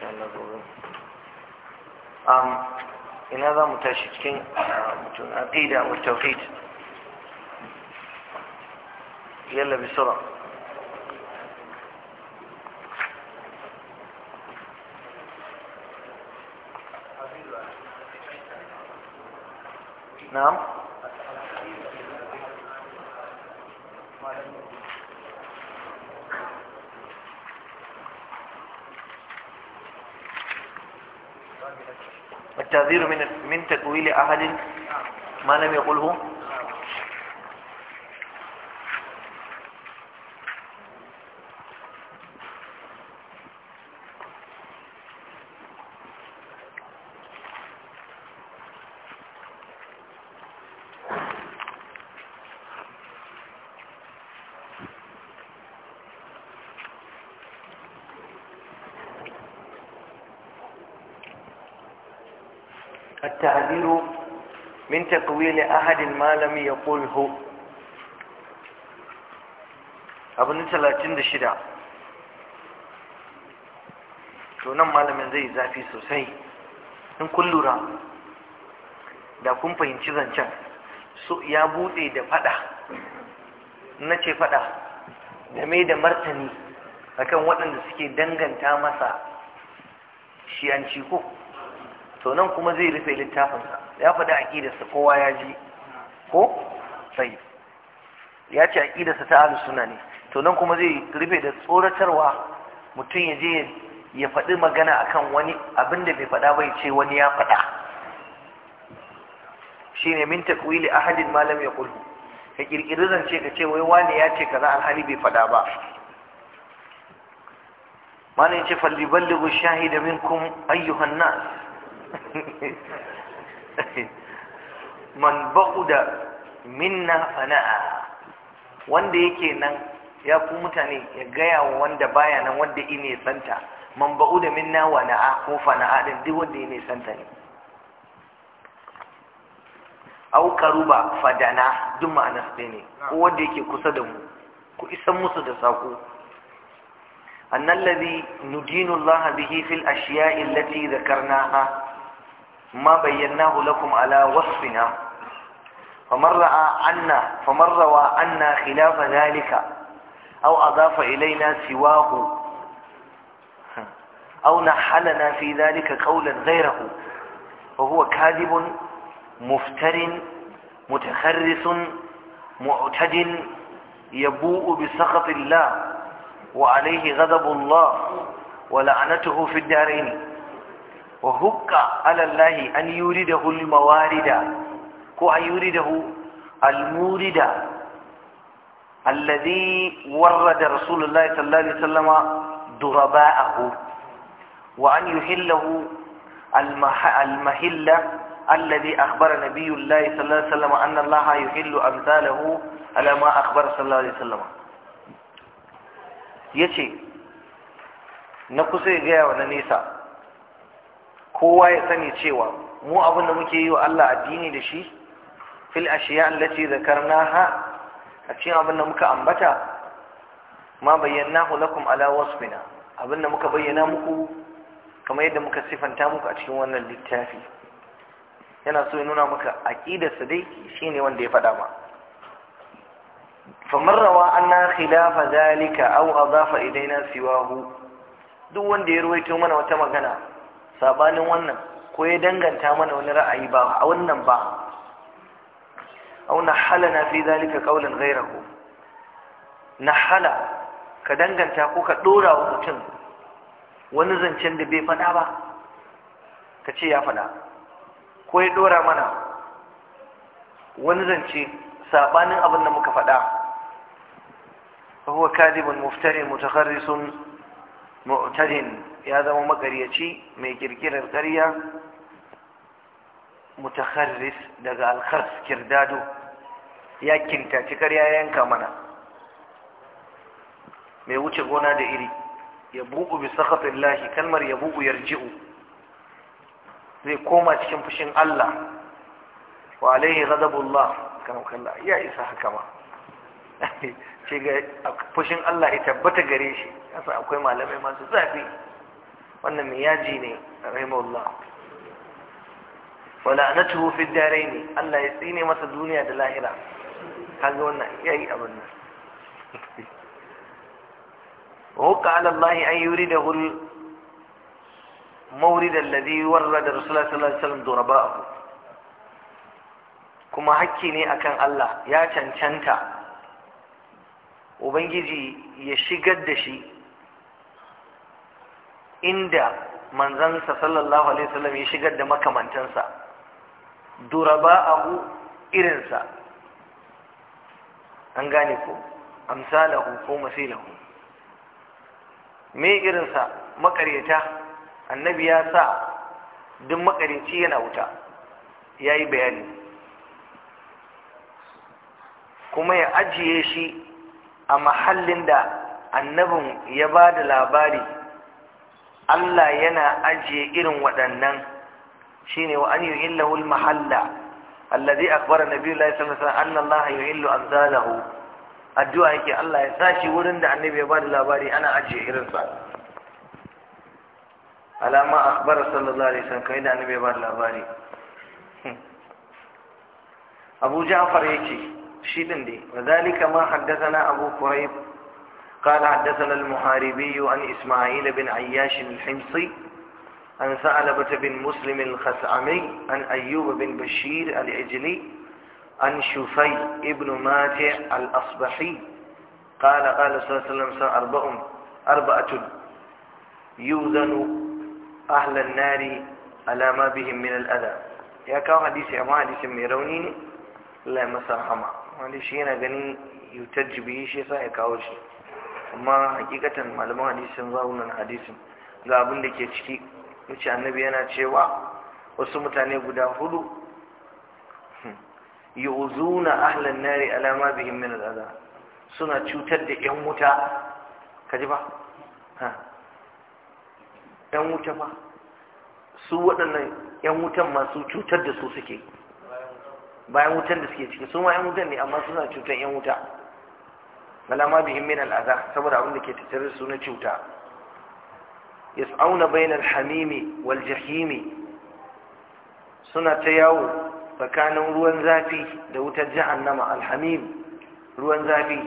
insha Allah gobe ina za mu tashi cikin mutum aqida wa tawhid yalla bisura نعم التعذير من من تأويل أحد ما لم يقله التحذير من تقويل أحد ما لم يقوله أبن ثلاثين دشدا tunan malamin zai zafi sosai in kun lura da kun fahimci zancen so ya bude da fada na ce fada da da martani akan waɗanda suke danganta masa shi'anci ko to nan kuma zai rufe littafinsa ya faɗi aƙidarsa kowa ya ji ko sai ya ce aƙidarsa ta ahlus sunna ne to nan kuma zai rufe da tsoratarwa mutum ya je ya faɗi magana akan wani abin da bai faɗa bai ce wani ya faɗa Shi ne min takwili ahadin ma lam yaqul ka kirkiri zance ka ce wai wani ya ce kaza alhali bai faɗa ba mana ce falliballighu shahida minkum ayyuhan nas man ba'uda minna fana'a wanda yake nan ya ku mutane ya gaya wa wanda baya nan wanda ine santa man ba'uda minna wa na'a ko fana'a din duk wanda ine santa ne au karuba fadana duk ma'ana su ne ko wanda yake kusa da mu ku isan musu da sako annan ladhi nudinu Allah bihi fil ashiya'i allati dhakarnaha ما بيناه لكم على وصفنا فمن رأى عنا فمن روى عنا خلاف ذلك أو أضاف إلينا سواه أو نحلنا في ذلك قولا غيره وهو كاذب مفتر متخرس معتد يبوء بسخط الله وعليه غضب الله ولعنته في الدارين wa hukka alallahi an yuridahu almawarida ko an yuridahu almurida alladhi warrada rasulullahi sallallahu alaihi wasallama duraba'ahu wa an yuhillahu almahilla الذي أخبر نبي الله صلى الله عليه وسلم أن الله يحل أمثاله على ما أخبر صلى الله عليه kowa ya sani cewa mu abin da muke yi wa Allah addini da shi fil ashiya allati zakarnaha a cikin abin da muka ambata ma bayyanahu lakum ala wasfina abin da muka bayyana muku kamar yadda muka sifanta muku a cikin wannan littafi yana so ya nuna muka. aqidar sa dai shine wanda ya faɗa ma famar rawa anna khilafa zalika aw adafa ilaina siwahu duk wanda ya ruwaito mana wata magana sabanin wannan ko ya danganta mana wani ra'ayi ba a wannan ba hala na fi zalika qawlan Na hala ka danganta ko ka dora wa mutum wani zancen da bai faɗa ba ka ce ya faɗa ko ya dora mana wani zance sabanin abin da muka faɗa ko kadibun muftari mutakharrisun mu'tadin ya zama makaryaci mai kirkirar ƙarya mutakharris daga alkhars kirdado ya kintaci ƙarya ya yanka mana mai wuce gona da iri ya buku bi kalmar ya buku yarji'u zai koma cikin fushin Allah wa alaihi ghadabullah kan kalla ya isa haka ma ce ga fushin Allah ya tabbata gare shi yasa akwai malamai masu zafi wannan mai yaji ne rahimahullah wala na tuhu fi dare ne Allah ya tsine masa duniya da lahira kaga wannan yayi abin nan وقع على الله أن يريده المورد الذي ورد رسول الله صلى الله عليه وسلم Kuma hakki ne akan Allah ya cancanta. ubangiji ya shigar da shi inda manzansa sallallahu alaihi wasallam ya shigar da makamantansa abu irinsa an gane ko amsalahu ko masilahu me irinsa makaryata annabi ya sa duk makaryaci yana wuta ya yi bayani kuma ya ajiye shi a mahallin da annabin ya ba da labari Allah yana ajiye irin waɗannan shi ne wa an yi illahul mahalla allazi akbara nabi Allah sallallahu alaihi wasallam anna Allah yuhillu amzalahu addu'a yake Allah ya sashi wurin da annabi ya ba da labari ana ajiye irin sa alama akbara sallallahu alaihi wasallam kai da annabi ya ba da labari Abu Ja'far yake شيدن دي وذلك ما حدثنا أبو كريب قال حدثنا المحاربي عن إسماعيل بن عياش الحمصي عن ثعلبة بن مسلم الخسعمي عن أيوب بن بشير العجلي عن شفي ابن ماتع الأصبحي قال قال صلى الله عليه وسلم أربع أربعة يوزن أهل النار على ما بهم من الأذى يا كاو حديث أما حديث ميروني لا مسرحما wani shi yana ganin yutar jibi shi sa ya kawo shi amma hakikatan malaman hadisun zaunan hadisun ga abin da ke ciki wuce annabi yana cewa wasu mutane guda hudu hmm, na ahlan nari alama bihin bihim min al'adha suna cutar da yan wuta ji ba yan wuta ba su waɗannan yan wutan masu cutar da su suke bayan wutan da suke ciki su ma yan wutan ne amma suna cutar yan wuta malama bihim min al'aza saboda abin da ke tattare su na cuta yas'auna bainal hamimi wal jahimi suna ta yawo tsakanin ruwan zafi da wutar jahannama alhamim ruwan zafi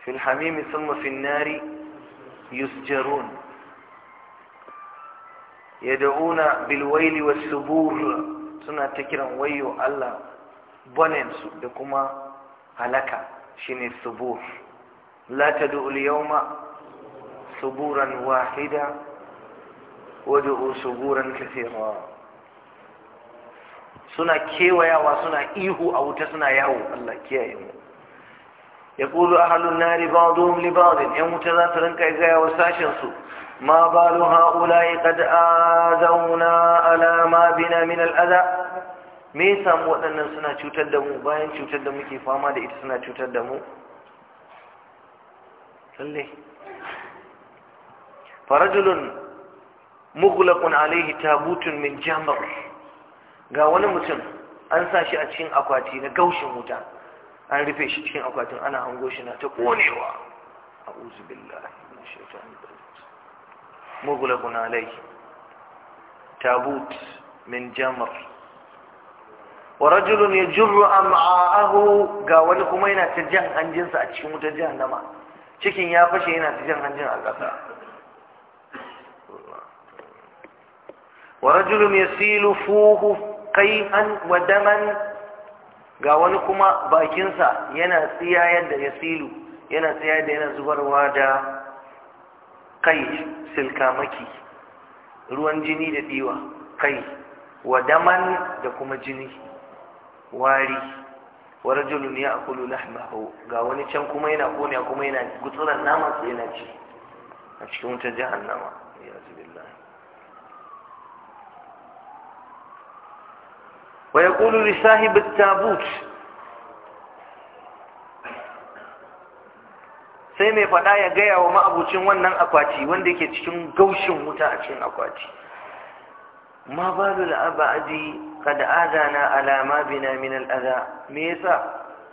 fil hamimi thumma fin nari yusjarun yad'una bil waili was subur suna ta kiran wayo Allah banen su da kuma halaka shine subur la tad'u al yawma suburan wahida wad'u suburan kathira suna kewayawa suna ihu a wuta suna yawo Allah kiyaye mu yaqulu ahlun nari ba'dhum li ba'd yan wuta za su rinka gaya wa sashin su ما بال هؤلاء قد آذونا على ما بنا من الأذى me ya samu waɗannan suna cutar da mu bayan cutar da muke fama da ita suna cutar da mu lalle farajulun mughlaqun alaihi tabutun min jamr ga wani mutum an sa shi a cikin akwati na gaushin wuta an rufe shi cikin akwatin ana hango shi na ta konewa a'udhu billahi minash shaitanir rajim مغلق عليه تابوت من جمر ورجل يجر أمعاءه قاول كما ينا تجهن أنجنس أتشم تجهن a cikin ya fashe yana cikin hanjin a ƙasa wa rajulun silu fuhu kai an ga wani kuma bakinsa yana tsiya yadda silu yana tsiya da yana zubarwa da kai silka maki ruwan jini da diwa kai wa da kuma jini wari wa rajulun akulu lahmahu ga wani can kuma yana kone kuma yana gutsuran nama sai yana ci a cikin wutar nama ya zubillah wa ya kulu lissahi bittabut tabut sai mai faɗa ya gaya wa ma'abucin wannan akwati wanda ke cikin gaushin wuta a cikin akwati ma balu al'abadi kad adana alama bina min al'aza me yasa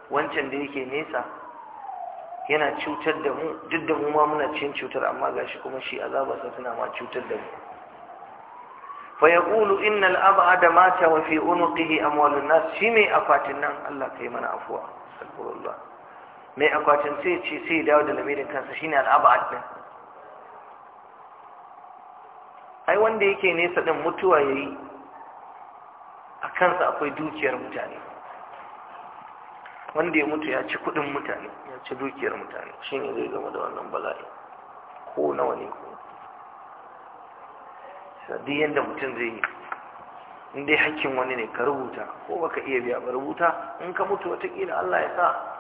wancan da yake nesa yana cutar da mu duk da mu ma muna cikin cutar amma gashi kuma shi azaba sa suna ma cutar da mu fa yaqulu inna al'abada mata wa fi unuqihi amwalun nas shi mai akwatin nan Allah kai mana afuwa mai akwatin sai ce sai dawo da lamirin kansa shine al'abad din ai wanda yake nesa din mutuwa yayi a kansa akwai dukiyar mutane wanda ya mutu ya ci kudin mutane ya ci dukiyar mutane shine zai gama da wannan bala'i ko nawa ne ko sadi yadda mutum zai yi in dai hakkin wani ne ka rubuta ko baka iya biya ba rubuta in ka mutu watakila Allah ya sa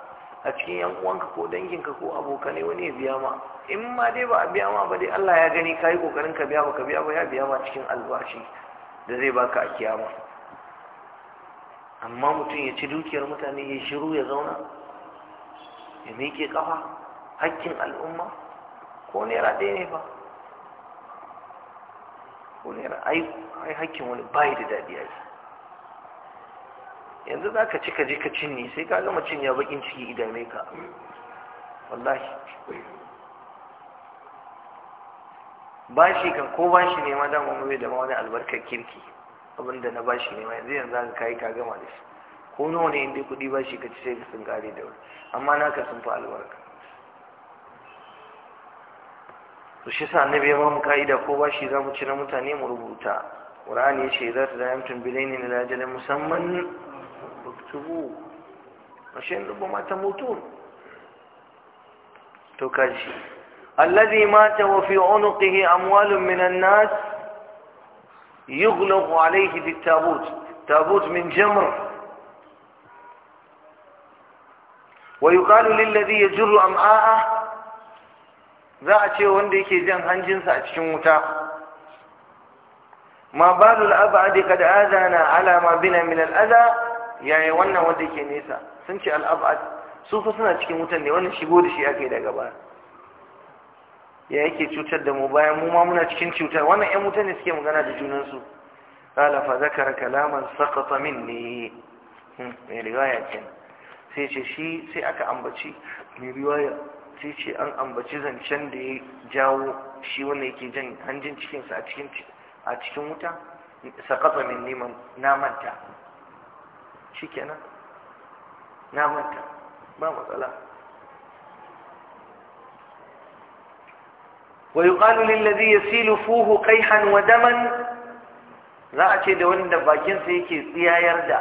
a cikin yan uwanka ko danginka ko abokane wani ya biya ma in ma dai ba a biya ma ba dai Allah ya gani kai kokarin ka biya ba ka biya ba ya biya ma cikin albashi da zai baka a kiyama amma mutum ya ci dukiyar mutane ya shiru ya zauna ya miƙe ƙafa hakkin al'umma ko naira ɗaya ne ba ko naira ai hakkin wani bai da daɗi ai yanzu za ka ci ka je ka cinye sai ka gama cinye bakin ciki idame ka wallahi bashi kan ko bashi ne ma damar mai da wani albarkar kirki abinda na bashi ne ma yanzu yanzu ka yi ka gama da shi ko nawa ne inda kuɗi bashi ka ci sai ka sun kare da wani amma naka sun fi albarka su shi sa annabi ya ba mu ka'ida ko bashi za mu ci na mutane mu rubuta ƙur'ani ya ce za ta zayamtun yamtun bilaini na lajalin musamman تبوه عشان ربما تموتون تكرشي الذي مات وفي عنقه أموال من الناس يغلق عليه بالتابوت تابوت من جمر ويقال للذي يجر أمعاءه za a ce wanda yake jan hanjinsa a cikin wuta ma balul abadi kad adana ala yaya wannan wanda ke nesa sun ce al'abad su fa suna cikin wutan ne wannan shigo da shi aka yi daga ba ya yake cutar da mu bayan mu ma muna cikin cutar wannan ƴan wutan ne suke magana da junansu qala fa zakara kalaman saqata minni hmm, mai riwaya ce sai ce shi sai aka ambaci mai riwaya sai ce an ambaci zancen da ya jawo shi wanda yake jan hanjin cikinsa a cikin wuta sakata min neman na manta shi kenan na manta ba matsala ويقال للذي يسيل فوه قيحا ودما za a ce da wanda bakinsa yake tsiyayar da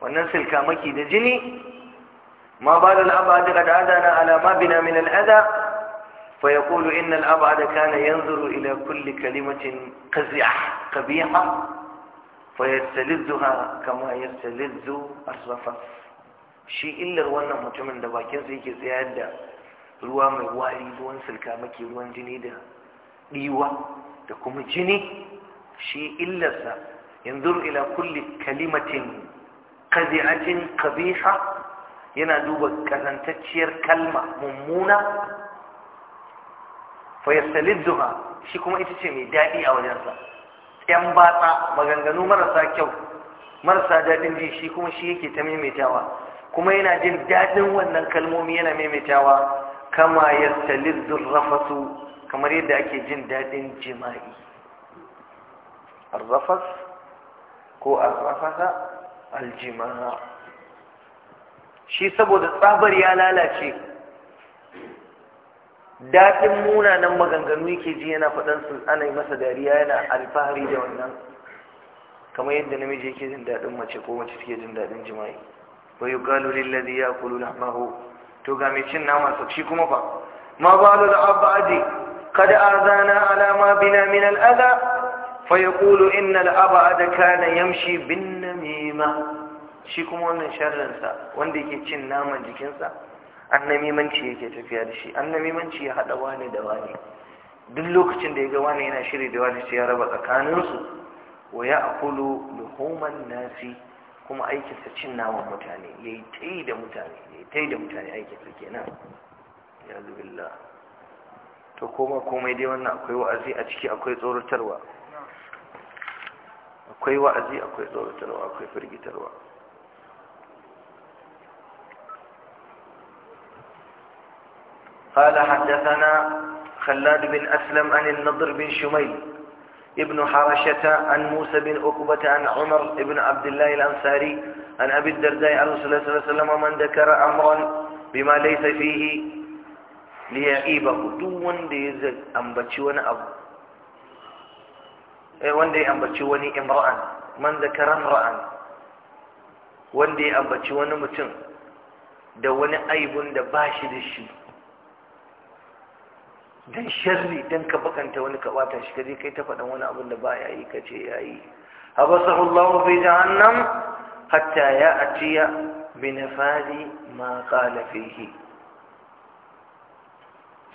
wannan silka maki da jini ma ba da al'abadi ga da'ada na alama bina min al'ada fa ya kulu inna al'abadi kana yanzuru ila kulle kalimacin kazi'a kabiha fayyastalizzuha kama yastalizzu asrafa shi illar wannan mutumin da bakinsa yake tsayar da ruwa mai wari ruwan sulka maki ruwan jini da ɗiwa da kuma jini shi illarsa yanzu ila kulli kalimatin kazi'atin kabiha yana duba kazantacciyar kalma mummuna fayyastalizzuha shi kuma ita ce mai daɗi a wajensa yan batsa maganganu marasa kyau marasa daɗin ji shi kuma shi yake ta maimaitawa kuma yana jin daɗin wannan kalmomi yana maimaitawa kama yastalizzur rafasu kamar yadda ake jin daɗin jima'i arrafas ko arrafasa aljima'a shi saboda tsabar ya lalace daɗin munanan maganganu yake ji yana faɗan su ana yi masa dariya yana alfahari da wannan kamar yadda namiji yake jin daɗin mace ko mace suke jin daɗin jima'i wa yuqalu lil ladhi ya'kulu lahmahu to ga mai cin nama su shi kuma fa ma balu al aji. Kada azana zana alama bina min faya adha fa yaqulu inna al abada kana yamshi bin namima shi kuma wannan sharrin wanda yake cin naman jikinsa an annamimanci yake tafiya da shi an annamimanci ya haɗa wani da wani duk lokacin da ya ga wani yana shiri da wani sai ya raba tsakaninsu wa ya akulu luhuman nasi kuma aikinsa cin naman mutane ya yi ta yi da mutane ya yi ta yi da mutane aikinsa kenan ya zubilla to koma komai dai wannan akwai wa'azi a ciki akwai tsoratarwa akwai wa'azi akwai tsoratarwa akwai firgitarwa قال حدثنا خلاد بن أسلم عن النضر بن شميل ابن حرشة عن موسى بن عقبة عن عمر بن عبد الله الأنصاري عن أبي الدرداء عن رسول الله صلى الله عليه وسلم من ذكر أمرا بما ليس فيه ليعيبه دون wanda ya ambaci wani abu eh wanda ya ambaci wani imra'an man zakara imra'an wanda ya ambaci wani mutum da wani aibun da bashi da shi dan sharri dan ka bakanta wani ka bata shi kaje kai ta faɗan wani abin da ba ya yi kace ya yi abasahu Allah fi jahannam hatta ya atiya bi nafadi ma qala fihi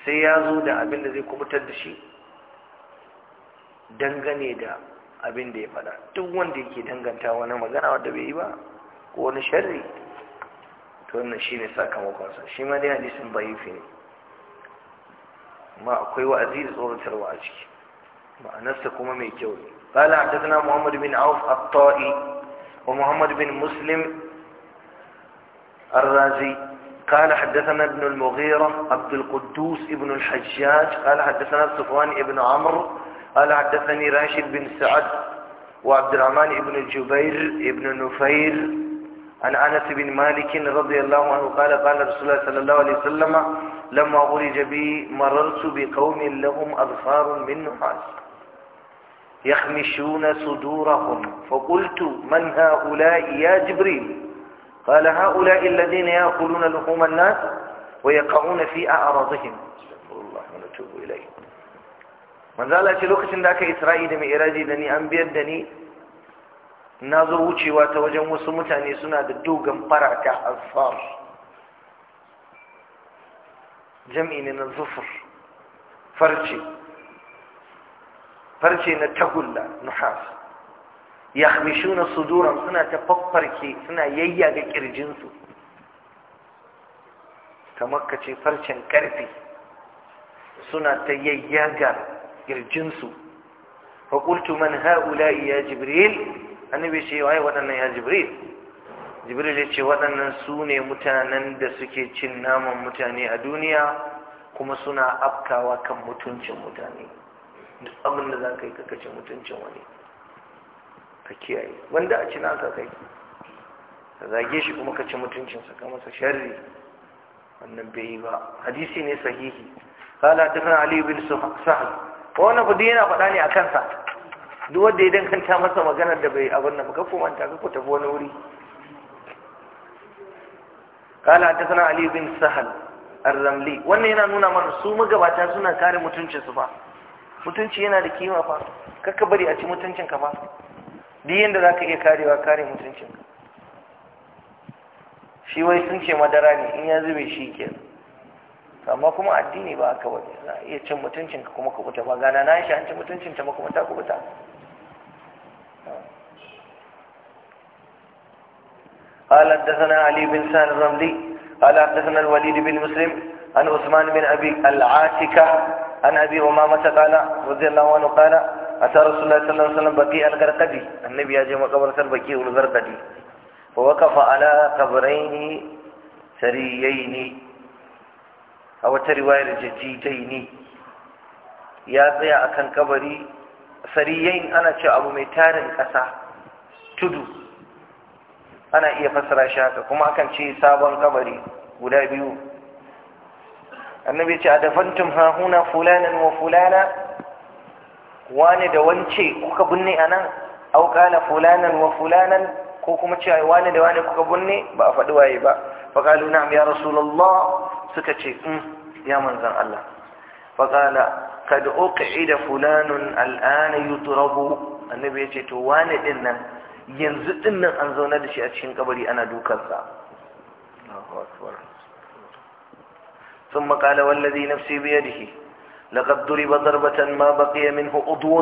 sai ya zo da abin da zai kubutar da shi dangane da abin da ya faɗa duk wanda yake danganta wani magana wanda bai yi ba ko wani sharri to wannan shine sa, shi ma dai hadisin bayifi ne ما أقوي وأزيد صورة رواجك ما وما ميكوي قال حدثنا محمد بن عوف الطائي ومحمد بن مسلم الرازي قال حدثنا ابن المغيرة عبد القدوس ابن الحجاج قال حدثنا صفوان ابن عمرو قال حدثني راشد بن سعد وعبد الرحمن ابن الجبير ابن نفير عن أنس بن مالك رضي الله عنه قال قال رسول الله صلى الله عليه وسلم لما غرج بي مررت بقوم لهم أظفار من نحاس يخمشون صدورهم فقلت من هؤلاء يا جبريل قال هؤلاء الذين يأكلون لحوم الناس ويقعون في أعراضهم الله ونتوب إليه من ذلك لوكتن ذاك إسرائيل من إراجي دني أنبيا دني na zo wucewa ta wajen wasu mutane suna da dogon farata ansar jam'i ne na zufur farce farce na tagulla nuhas yahmishuna suduran suna ta faffarke suna yayyaga kirjinsu kamar ka ce farcen karfe suna ta yayyaga kirjinsu فقلت man هؤلاء يا Jibril. annabi ce wai waɗannan ya jibril jibril ya ce waɗannan su ne mutanen da suke cin naman mutane a duniya kuma suna afkawa kan mutuncin mutane duk abin da za ka yi kakace mutuncin wani ka kiyaye wanda a cina ka kai ka zage shi kuma ka ci mutuncinsa ka masa sharri wannan bai yi ba hadisi ne sahihi Kala bin حدثنا علي بن yana faɗa ne a kansa. duk wanda kan ta masa magana da bai abin nan ka kumanta ka ku tafi wani wuri ta sana Ali bin Sahal ar Ramli. wannan yana nuna mana su magabata suna kare mutuncin su fa mutunci yana da kima fa kakka bari a ci mutuncin ka fa duk yanda zaka iya karewa kare mutuncin ka shi wai sun ce madara ne in ya zube shi ke amma kuma addini ba aka wani za a iya cin mutuncin ka kuma ba gana na shi an ci mutuncin ta kuma ta kubuta قال حدثنا علي بن سان الرملي قال حدثنا الوليد بن مسلم عن عثمان بن أبي العاتكة عن أبي أمامة قال رضي الله عنه قال أتى رسول الله صلى الله عليه وسلم بكي الغرقدي النبي أجي مقبرة البكي الغرقدي ووقف على قبرين سريين أو ترواية جديدين يا ضياء كان قبري سريين أنا شاء أبو ميتار كسا تدو ana iya fassara shi haka kuma akan ce sabon kabari guda biyu annabi ce a dafantum hahuna fulanan wa fulana wani da wance kuka binne a nan au kala fulanan wa fulanan ko kuma ce wani da wani kuka binne ba a faɗi waye ba faƙalu na ya rasulallah suka ce in mm, ya manzan Allah faƙala kad uqida fulanun al'ana yutrabu annabi ya ce to wani din nan yanzu dinnan an zauna da shi a cikin kabari ana dukansa ثم قال والذي نفسي بيده لقد ضرب ضربة ما بقي منه عضو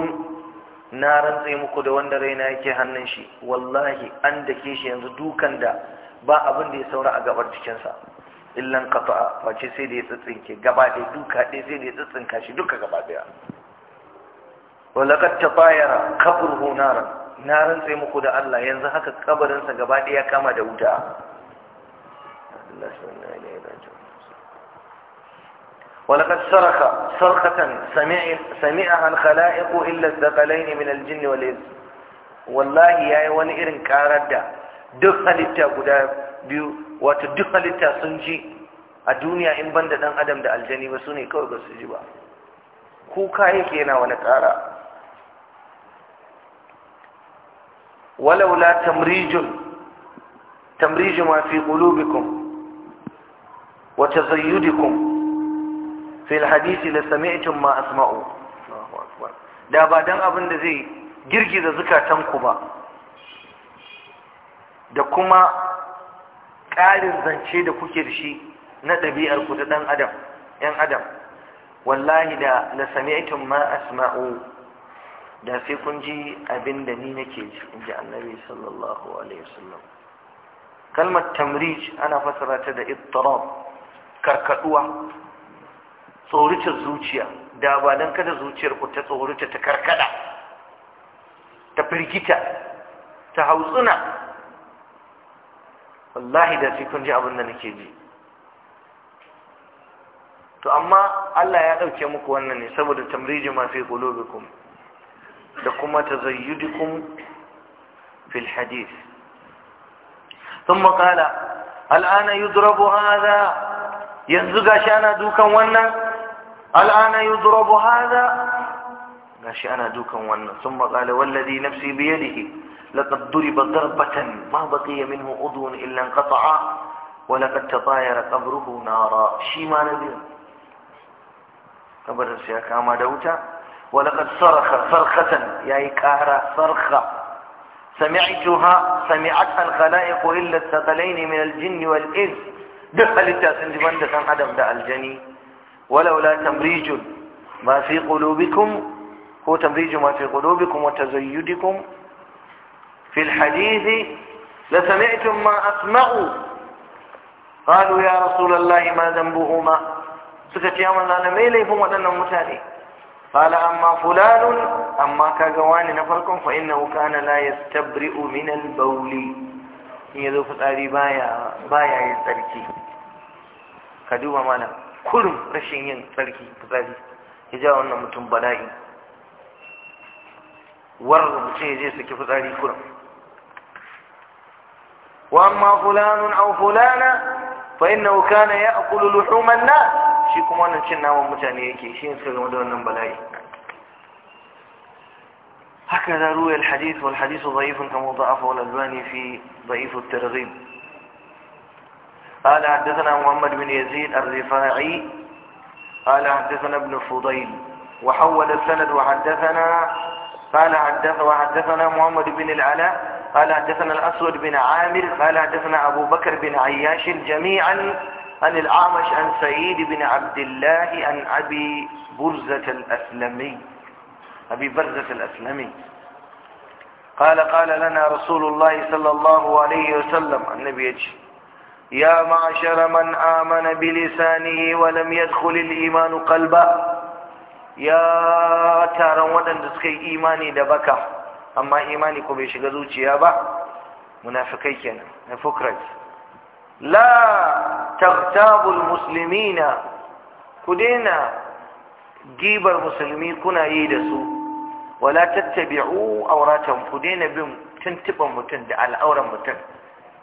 na rantse muku da wanda raina yake hannun shi wallahi an da ke shi yanzu dukan da ba abin da ya saura a gabar cikinsa illan kafa'a face sai da ya tsitsinke gaba ɗaya duka ɗaya sai da ya tsitsinka shi duka gaba ɗaya walakar ta bayara kafin hunaran na rantse muku da Allah yanzu haka kabarinsa gaba ɗaya kama da wuta ولقد سرق سرقة سمعها الخلائق إلا min من الجن والإنس والله يا wani irin karar da duk halitta guda biyu wato duk halitta sun ji a duniya in banda dan adam da aljani ba su ne kawai ba su ji ba kuka yake yana wani kara ولولا تمريج تمريج ما في قلوبكم وتزيدكم في الحديث لسمعتم ما أسمعوا الله أكبر da ba dan abin da zai girgiza zukatanku ba da kuma ƙarin zance da kuke da shi na ɗabi'ar ku ta ɗan adam ‘yan adam wallahi da la sami'tum ma asma'u da sai kun ji abin da ni nake ji in ji annabi sallallahu alaihi wasallam kalmar tamrij ana fassara ta da ittirab karkaduwa tsoricin zuciya da ba dan kada zuciyar ku ta tsorita ta karkada ta firgita ta hautsuna wallahi da sai kun ji abin da nake ji to amma Allah ya dauke muku wannan ne saboda tamriji ma fi qulubikum لكم تزيدكم في الحديث ثم قال الآن يضرب هذا يزق شأن دوكا ونا الآن يضرب هذا ناشي دوكا ونا ثم قال والذي نفسي بيده لقد ضرب ضربة ما بقي منه عضو إلا انقطع ولقد تطاير قبره نارا شي ما قبر رسيا كاما دوتا ولقد صرخ صرخة يعني كهرة صرخة سمعتها سمعتها الخلائق إلا الثقلين من الجن والإنس دخل التاسن جبان دسان أدم دا الجني ولولا تمريج ما في قلوبكم هو تمريج ما في قلوبكم وتزيدكم في الحديث لسمعتم ما أسمعوا قالوا يا رسول الله ما ذنبهما سكت يا من لا نميله فهم أنهم متاليه قال أما فلان أما كاغوان نفركم فإنه كان لا يستبرئ من البول يذو فتاري بايا بايا يستركي كدوبا مالا كلهم رشين يستركي فتاري يجاو أنه متن بلائي ورد متن يجي سكي فتاري كلهم وأما فلان أو فلانا فإنه كان يأكل لحوم الناس شيكم وانا نشنا ومتان يكي شين سلم دون بلاي هكذا روي الحديث والحديث ضعيف كما ضعفه الألباني في ضعيف الترغيب قال حدثنا محمد بن يزيد الرفاعي قال حدثنا ابن فضيل وحول السند وحدثنا قال حدثنا محمد بن العلاء قال حدثنا الأسود بن عامر قال حدثنا أبو بكر بن عياش جميعا عن الأعمش عن سعيد بن عبد الله عن أبي برزة الأسلمي أبي برزة الأسلمي قال قال لنا رسول الله صلى الله عليه وسلم النبي يجي يا معشر من آمن بلسانه ولم يدخل الإيمان قلبه يا ترى ودن تسكي إيماني دبكه amma imani ko bai shiga zuciya ba munafikai kenan na fukrat la taghtabul muslimina ku daina gibar musulmi kuna yi da su wala tattabi'u auratan ku daina bin tuntuban mutum da al'auran mutum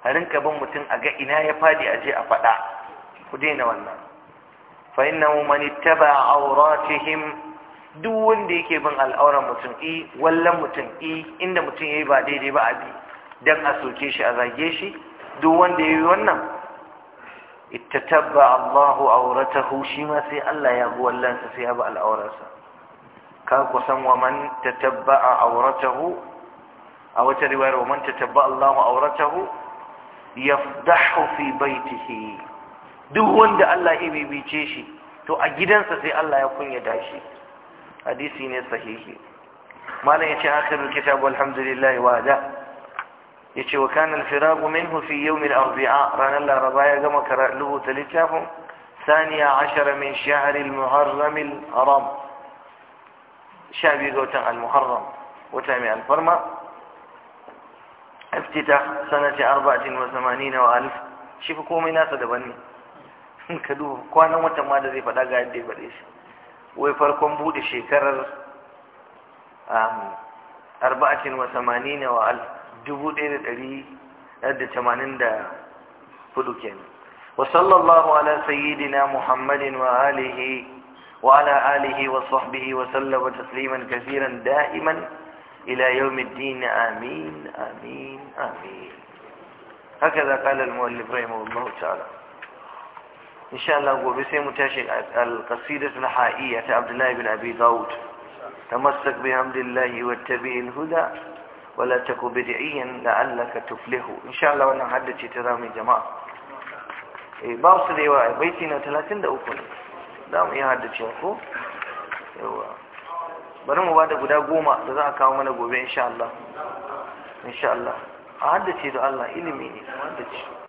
a rinka bin mutum a ga ina ya fadi a je a faɗa ku daina wannan fa innahu man ittaba auratihim duk wanda yake bin al'auran mutum i wallan mutum i inda mutum yayi ba daidai ba a bi don a soke shi a zage shi duk wanda ya yi wannan tabba Allahu auratahu shi ma sai Allah ya bi wallansa sai ya bi al'auransa ka kusan wa man ta tabba a A wata riwayar wa man tabba Allahu hu? Ya yafdahu fi baitihi duk wanda Allah ya bibice shi to a gidansa sai Allah ya kunya da shi. hadisi ne sahihi malam yace ce akar kitabu alhamdulillah wa da wa kanin firagu min hufi yau min arzi'a ranar laraba ya gama rubuta littafin saniya ashara min shaharil muharramin haram sha biyu ga watan alfarma aftita sanati arba'atin wa samanina wa alif shi fi komai nasa daban ne kadu kwanan watan ma da zai faɗa ya faɗe shi wai farkon bude shekarar um, arba'atin wa samanina wa dubu ɗaya da ɗari da tamanin da hudu kenan wa sallallahu ala sayyidina muhammadin wa alihi wa ala alihi wa sahbihi wa sallama tasliman kasiran da'iman ila yawmiddin amin amin amin هكذا قال المؤلف رحمه الله تعالى insha gobe sai mu tashi al na ha'iya ta Abdullah ibn Abi Dawud tamassak bi hamdillahi wattabi'il huda wala taku bid'iyan la'allaka tuflihu insha Allah wannan haddace ta zamu jama'a eh, ba su da yawa baiti na 33 ne za mu iya haddace ko yawa bari mu bada guda goma da za a kawo mana gobe insha Allah a haddace da Allah ilimi ne haddace